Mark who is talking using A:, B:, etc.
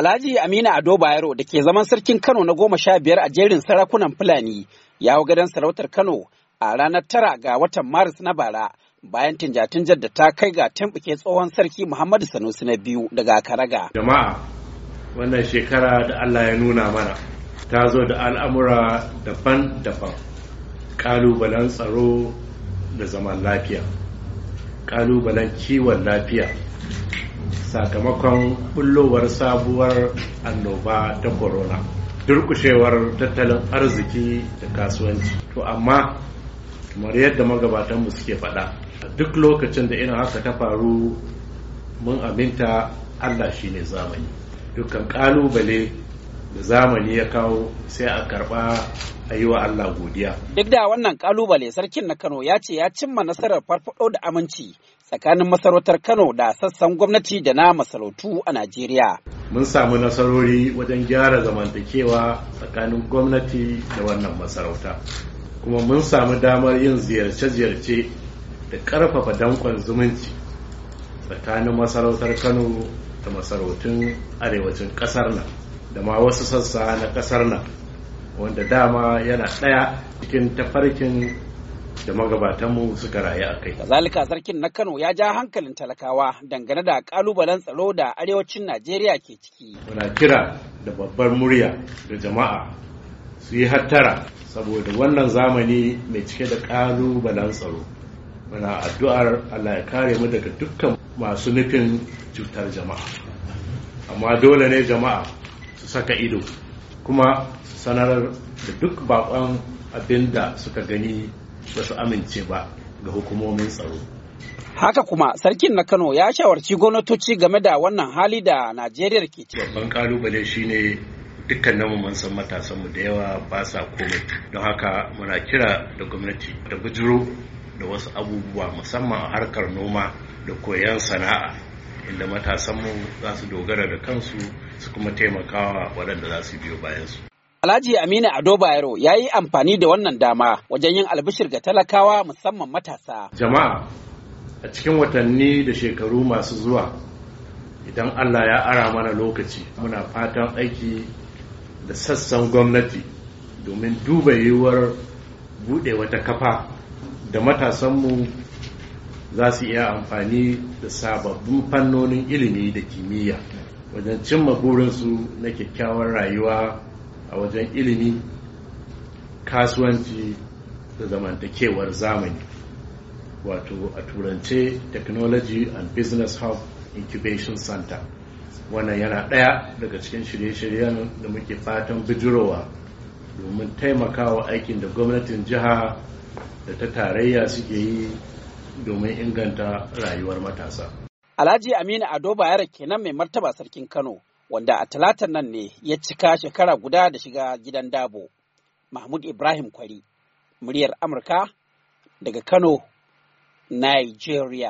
A: Alhaji Amina Ado Bayero da ke zaman sarkin Kano na goma sha biyar a jerin sarakunan Fulani ya hau gadon sarautar Kano a ranar tara ga watan Maris na bara bayan tinjatinjar da ta kai ga tambuke tsohon sarki Muhammadu Sanusi na biyu daga Karaga. Jama'a
B: wannan shekara da Allah ya nuna mana ta zo da al'amura daban-daban ƙalubalen tsaro da zaman lafiya ƙalubalen kiwon lafiya sakamakon bullowar sabuwar annoba ta corona durkushewar tattalin arziki da kasuwanci to amma kamar yadda magabatanmu suke faɗa duk lokacin da irin haka ta faru mun aminta allah shi ne zamani dukkan ƙalubale da zamani ya kawo sai a karɓa a yi wa Allah godiya.
A: Duk da wannan kalubale sarkin na Kano ya ce ya cimma nasarar farfado da aminci tsakanin masarautar Kano da sassan gwamnati da na masarautu a Najeriya.
B: Mun samu nasarori wajen gyara zamantakewa tsakanin gwamnati da wannan masarauta. Kuma mun samu damar yin ziyarce-ziyarce da ƙarfafa danƙon zumunci tsakanin masarautar Kano da masarautun arewacin ƙasar nan da ma wasu sassa na ƙasar nan wanda dama yana ɗaya cikin tafarkin da magabatanmu suka rayu a kai. Kazalika sarkin na Kano
A: ya ja hankalin talakawa dangane da kalubalen tsaro da arewacin Najeriya ke ciki.
B: Muna kira da babbar murya da jama'a su yi hattara saboda wannan zamani mai cike da kalubalen tsaro. Muna addu'ar Allah ya kare mu daga dukkan masu nufin cutar jama'a. Amma dole ne jama'a su saka ido kuma su sanar da duk bakon abin da suka gani ba su amince ba ga hukumomin tsaro
A: haka kuma sarkin na kano ya shawarci gwamnatoci game da wannan hali da najeriya ke
B: ciki babban kalubale shine dukkan mun san matasanmu da yawa ba sa komai don haka muna kira da gwamnati da bujuro da wasu abubuwa musamman a harkar noma da koyon sana'a inda matasanmu za su dogara da kansu su kuma taimakawa waɗanda za su biyo bayansu
A: Alhaji Aminu Ado Bayero ya yi amfani da wannan dama wajen yin albishir ga talakawa musamman matasa. Jama'a
B: a cikin watanni da shekaru masu zuwa idan Allah ya ara mana lokaci muna fatan aiki da sassan gwamnati domin duba yiwuwar buɗe wata kafa da matasanmu za su iya amfani da sababbin fannonin ilimi da kimiyya wajen cimma burinsu na kyakkyawar rayuwa a wajen ilimi kasuwanci da zamantakewar zamani wato a turance technology and business hub incubation center wannan yana ɗaya daga cikin shirye-shiryen da muke fatan bijirowa domin taimakawa aikin da gwamnatin jiha da ta tarayya suke yi domin inganta rayuwar matasa.
A: Alhaji Aminu Ado Bayar kenan mai martaba sarkin Kano wanda a talatan nan ne ya cika shekara guda da shiga gidan dabo. Mahmud Ibrahim Kwari, muryar Amurka daga Kano, Nigeria.